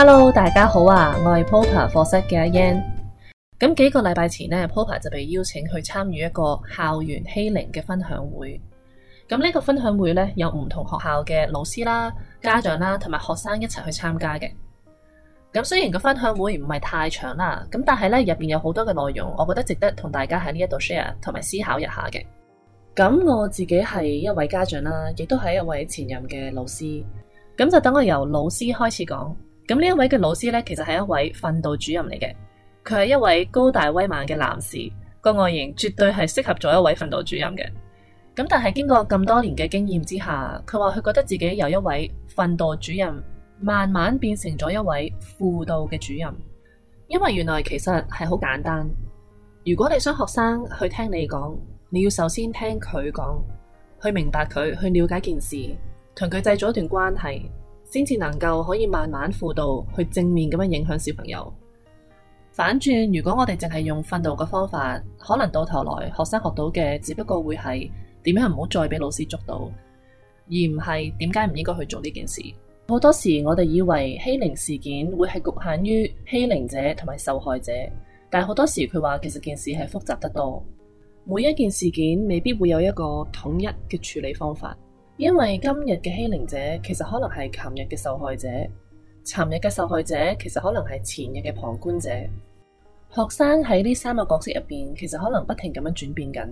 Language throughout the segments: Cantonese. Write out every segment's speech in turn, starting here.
Hello，大家好啊！我係 Papa 課室嘅阿 Yan。咁幾個禮拜前呢，Papa 就被邀請去參與一個校園欺凌嘅分享會。咁呢個分享會呢，有唔同學校嘅老師啦、家長啦，同埋學生一齊去參加嘅。咁雖然個分享會唔係太長啦，咁但係呢入邊有好多嘅內容，我覺得值得同大家喺呢一度 share 同埋思考一下嘅。咁我自己係一位家長啦，亦都係一位前任嘅老師。咁就等我由老師開始講。咁呢一位嘅老師呢，其實係一位訓導主任嚟嘅。佢係一位高大威猛嘅男士，個外形絕對係適合咗一位訓導主任嘅。咁但係經過咁多年嘅經驗之下，佢話佢覺得自己由一位訓導主任慢慢變成咗一位輔導嘅主任。因為原來其實係好簡單，如果你想學生去聽你講，你要首先聽佢講，去明白佢，去了解件事，同佢製造一段關係。先至能夠可以慢慢輔導，去正面咁樣影響小朋友。反轉，如果我哋淨係用訓導嘅方法，可能到頭來學生學到嘅只不過會係點樣唔好再俾老師捉到，而唔係點解唔應該去做呢件事。好多時我哋以為欺凌事件會係局限於欺凌者同埋受害者，但係好多時佢話其實件事係複雜得多，每一件事件未必會有一個統一嘅處理方法。因為今日嘅欺凌者，其實可能係琴日嘅受害者，尋日嘅受害者，其實可能係前日嘅旁觀者。學生喺呢三個角色入邊，其實可能不停咁樣轉變緊，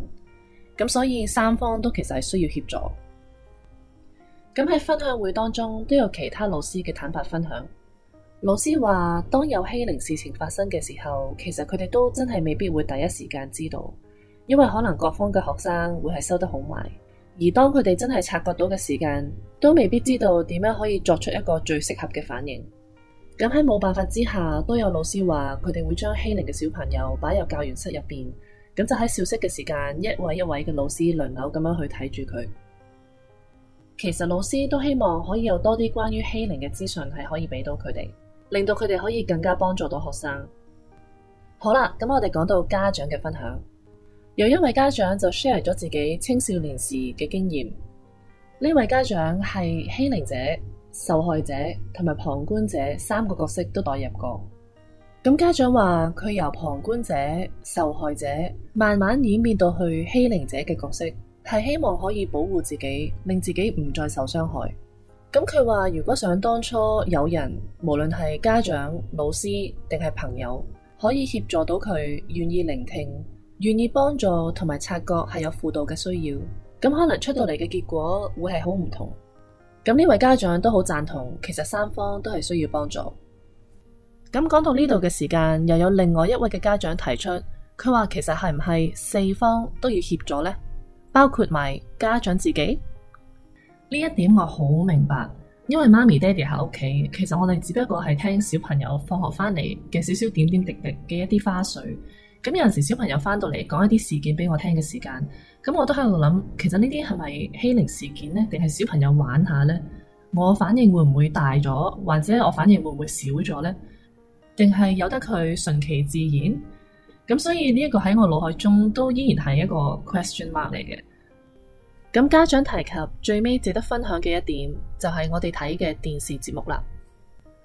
咁所以三方都其實係需要協助。咁喺分享會當中，都有其他老師嘅坦白分享。老師話，當有欺凌事情發生嘅時候，其實佢哋都真係未必會第一時間知道，因為可能各方嘅學生會係收得好埋。而當佢哋真係察覺到嘅時間，都未必知道點樣可以作出一個最適合嘅反應。咁喺冇辦法之下，都有老師話佢哋會將欺凌嘅小朋友擺入教員室入邊，咁就喺小息嘅時間，一位一位嘅老師輪流咁樣去睇住佢。其實老師都希望可以有多啲關於欺凌嘅資訊係可以俾到佢哋，令到佢哋可以更加幫助到學生。好啦，咁我哋講到家長嘅分享。有一位家長就 share 咗自己青少年時嘅經驗。呢位家長係欺凌者、受害者同埋旁觀者三個角色都代入過。咁家長話佢由旁觀者、受害者慢慢演變到去欺凌者嘅角色，係希望可以保護自己，令自己唔再受傷害。咁佢話如果想當初有人，無論係家長、老師定係朋友，可以協助到佢，願意聆聽。願意幫助同埋察覺係有輔導嘅需要，咁可能出到嚟嘅結果會係好唔同。咁呢位家長都好贊同，其實三方都係需要幫助。咁講到呢度嘅時間，又有另外一位嘅家長提出，佢話其實係唔係四方都要協助呢？包括埋家長自己。呢一點我好明白，因為媽咪爹哋喺屋企，其實我哋只不過係聽小朋友放學翻嚟嘅少少點點滴滴嘅一啲花絮。咁有陣時小朋友翻到嚟，講一啲事件俾我聽嘅時間，咁我都喺度諗，其實呢啲係咪欺凌事件呢？定係小朋友玩下呢？我反應會唔會大咗，或者我反應會唔會少咗呢？定係由得佢順其自然？咁所以呢一個喺我腦海中都依然係一個 question mark 嚟嘅。咁家長提及最尾值得分享嘅一點，就係我哋睇嘅電視節目啦。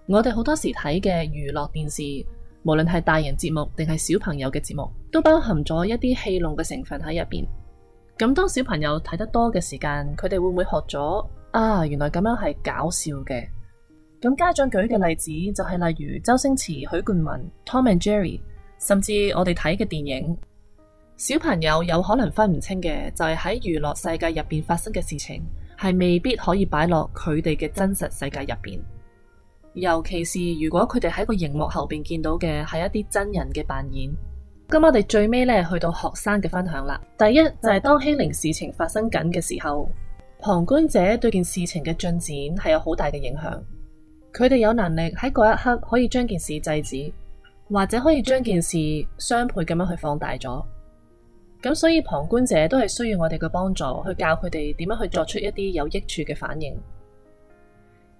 我哋好多時睇嘅娛樂電視。無論係大人節目定係小朋友嘅節目，都包含咗一啲戲弄嘅成分喺入邊。咁當小朋友睇得多嘅時間，佢哋會唔會學咗啊？原來咁樣係搞笑嘅。咁家長舉嘅例子就係例如周星馳、許冠文、Tom and Jerry，甚至我哋睇嘅電影。小朋友有可能分唔清嘅就係喺娛樂世界入邊發生嘅事情，係未必可以擺落佢哋嘅真實世界入邊。尤其是如果佢哋喺個熒幕後邊見到嘅係一啲真人嘅扮演，咁我哋最尾咧去到學生嘅分享啦。第一就係、是、當欺凌事情發生緊嘅時候，旁觀者對件事情嘅進展係有好大嘅影響。佢哋有能力喺嗰一刻可以將件事制止，或者可以將件事雙倍咁樣去放大咗。咁所以旁觀者都係需要我哋嘅幫助，去教佢哋點樣去作出一啲有益處嘅反應。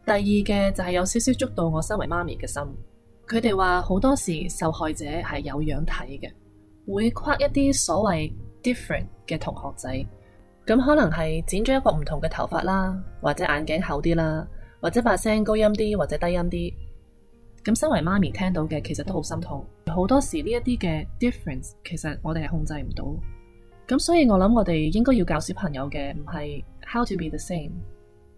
第二嘅就係有少少觸到我身為媽咪嘅心，佢哋話好多時受害者係有樣睇嘅，會誇一啲所謂 different 嘅同學仔，咁可能係剪咗一個唔同嘅頭髮啦，或者眼鏡厚啲啦，或者把聲高音啲或者低音啲，咁身為媽咪聽到嘅其實都好心痛，好多時呢一啲嘅 difference 其實我哋係控制唔到，咁所以我諗我哋應該要教小朋友嘅唔係 how to be the same。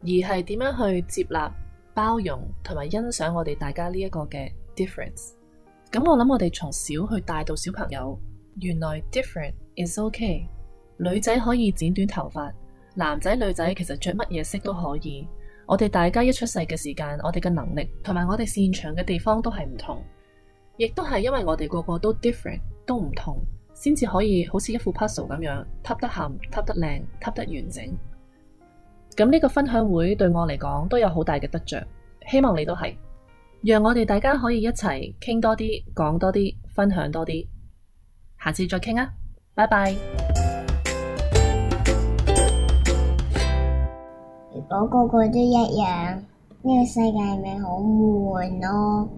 而係點樣去接納、包容同埋欣賞我哋大家呢一個嘅 difference。咁我諗我哋從小去帶到小朋友，原來 different is ok。女仔可以剪短頭髮，男仔女仔其實着乜嘢色都可以。我哋大家一出世嘅時間，我哋嘅能力同埋我哋擅長嘅地方都係唔同，亦都係因為我哋個個都 different 都唔同，先至可以好似一副 puzzle 咁樣砌得冚、砌得靚、砌得完整。咁呢個分享會對我嚟講都有好大嘅得着，希望你都係，讓我哋大家可以一齊傾多啲，講多啲，分享多啲，下次再傾啊，拜拜。如果個個都一樣，呢個世界咪好悶咯。